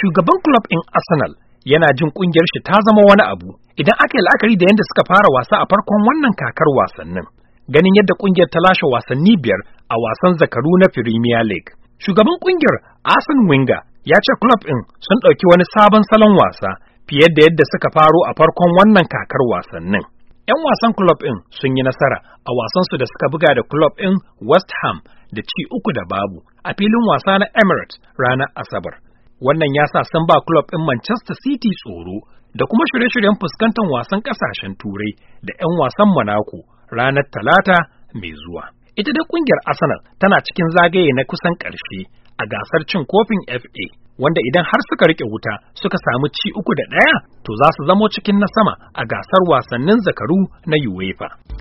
shugaban club in Arsenal yana jin kungiyar shi ta zama wani abu idan aka yi la'akari da yadda suka fara wasa a farkon wannan kakar wasannin ganin yadda kungiyar ta lashe wasanni biyar a wasan zakaru na Premier League shugaban kungiyar Arsene Wenger ya ce club in sun ɗauki wani sabon salon wasa fiye da yadda suka faro a farkon wannan kakar wasannin 'yan wasan club in sun yi nasara a wasan su da suka buga da club in West Ham da ci uku da babu a filin wasa na Emirates ranar Asabar. Wannan ya sa sun ba club ɗin Manchester City tsoro da kuma shirye-shiryen fuskantar wasan ƙasashen Turai da 'yan wasan Monaco ranar Talata mai zuwa. Ita da ƙungiyar Arsenal tana cikin zagaye na kusan ƙarshe a gasar cin kofin FA wanda idan har suka rike wuta suka samu ci uku da ɗaya to za su zamo cikin na sama a gasar wasannin zakaru na UEFA.